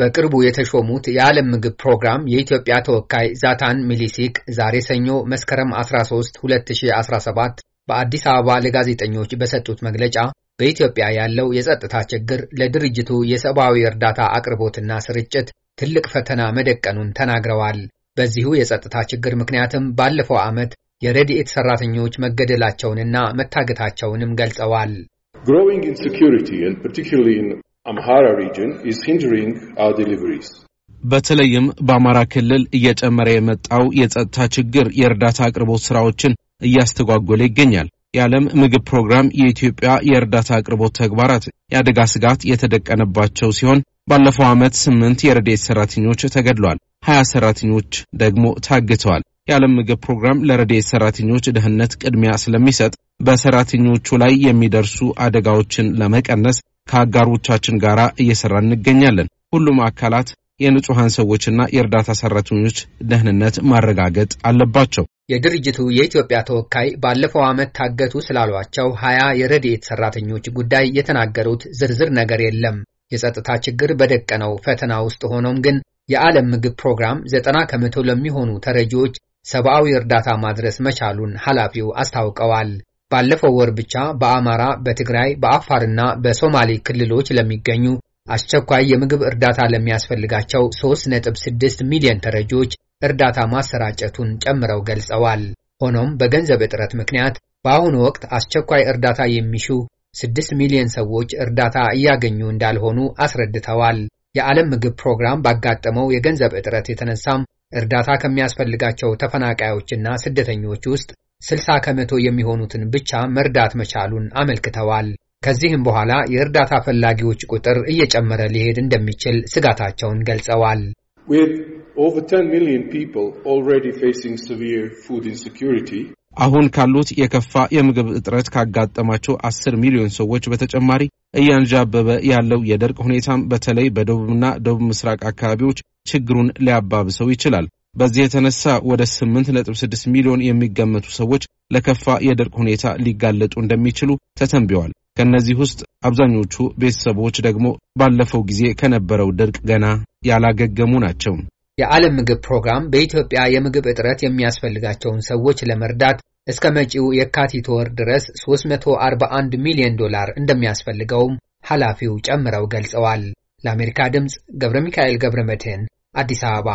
በቅርቡ የተሾሙት የዓለም ምግብ ፕሮግራም የኢትዮጵያ ተወካይ ዛታን ሚሊሲክ ዛሬ ሰኞ መስከረም 13 2017 በአዲስ አበባ ለጋዜጠኞች በሰጡት መግለጫ በኢትዮጵያ ያለው የጸጥታ ችግር ለድርጅቱ የሰብአዊ እርዳታ አቅርቦትና ስርጭት ትልቅ ፈተና መደቀኑን ተናግረዋል። በዚሁ የጸጥታ ችግር ምክንያትም ባለፈው ዓመት የረድኤት ሰራተኞች መገደላቸውንና መታገታቸውንም ገልጸዋል። Amhara region is hindering our deliveries. በተለይም በአማራ ክልል እየጨመረ የመጣው የጸጥታ ችግር የእርዳታ አቅርቦት ስራዎችን እያስተጓጎለ ይገኛል። የዓለም ምግብ ፕሮግራም የኢትዮጵያ የእርዳታ አቅርቦት ተግባራት የአደጋ ስጋት የተደቀነባቸው ሲሆን ባለፈው ዓመት ስምንት የረዴት ሰራተኞች ተገድሏል፣ ሀያ ሰራተኞች ደግሞ ታግተዋል። የዓለም ምግብ ፕሮግራም ለረዴት ሰራተኞች ደህንነት ቅድሚያ ስለሚሰጥ በሰራተኞቹ ላይ የሚደርሱ አደጋዎችን ለመቀነስ ከአጋሮቻችን ጋር እየሰራ እንገኛለን። ሁሉም አካላት የንጹሐን ሰዎችና የእርዳታ ሰራተኞች ደህንነት ማረጋገጥ አለባቸው። የድርጅቱ የኢትዮጵያ ተወካይ ባለፈው ዓመት ታገቱ ስላሏቸው ሀያ የረድኤት ሰራተኞች ጉዳይ የተናገሩት ዝርዝር ነገር የለም። የጸጥታ ችግር በደቀነው ፈተና ውስጥ ሆኖም ግን የዓለም ምግብ ፕሮግራም ዘጠና ከመቶ ለሚሆኑ ተረጂዎች ሰብአዊ እርዳታ ማድረስ መቻሉን ኃላፊው አስታውቀዋል። ባለፈው ወር ብቻ በአማራ፣ በትግራይ፣ በአፋርና በሶማሌ ክልሎች ለሚገኙ አስቸኳይ የምግብ እርዳታ ለሚያስፈልጋቸው 3.6 ሚሊዮን ተረጂዎች እርዳታ ማሰራጨቱን ጨምረው ገልጸዋል። ሆኖም በገንዘብ እጥረት ምክንያት በአሁኑ ወቅት አስቸኳይ እርዳታ የሚሹ 6 ሚሊዮን ሰዎች እርዳታ እያገኙ እንዳልሆኑ አስረድተዋል። የዓለም ምግብ ፕሮግራም ባጋጠመው የገንዘብ እጥረት የተነሳም እርዳታ ከሚያስፈልጋቸው ተፈናቃዮችና ስደተኞች ውስጥ 60 ከመቶ የሚሆኑትን ብቻ መርዳት መቻሉን አመልክተዋል። ከዚህም በኋላ የእርዳታ ፈላጊዎች ቁጥር እየጨመረ ሊሄድ እንደሚችል ስጋታቸውን ገልጸዋል። አሁን ካሉት የከፋ የምግብ እጥረት ካጋጠማቸው አስር ሚሊዮን ሰዎች በተጨማሪ እያንዣበበ ያለው የደርቅ ሁኔታም በተለይ በደቡብና ደቡብ ምስራቅ አካባቢዎች ችግሩን ሊያባብሰው ይችላል። በዚህ የተነሳ ወደ 8.6 ሚሊዮን የሚገመቱ ሰዎች ለከፋ የድርቅ ሁኔታ ሊጋለጡ እንደሚችሉ ተተንብዋል። ከእነዚህ ውስጥ አብዛኞቹ ቤተሰቦች ደግሞ ባለፈው ጊዜ ከነበረው ድርቅ ገና ያላገገሙ ናቸው። የዓለም ምግብ ፕሮግራም በኢትዮጵያ የምግብ እጥረት የሚያስፈልጋቸውን ሰዎች ለመርዳት እስከ መጪው የካቲት ወር ድረስ 341 ሚሊዮን ዶላር እንደሚያስፈልገውም ኃላፊው ጨምረው ገልጸዋል። ለአሜሪካ ድምፅ ገብረ ሚካኤል ገብረ መድህን አዲስ አበባ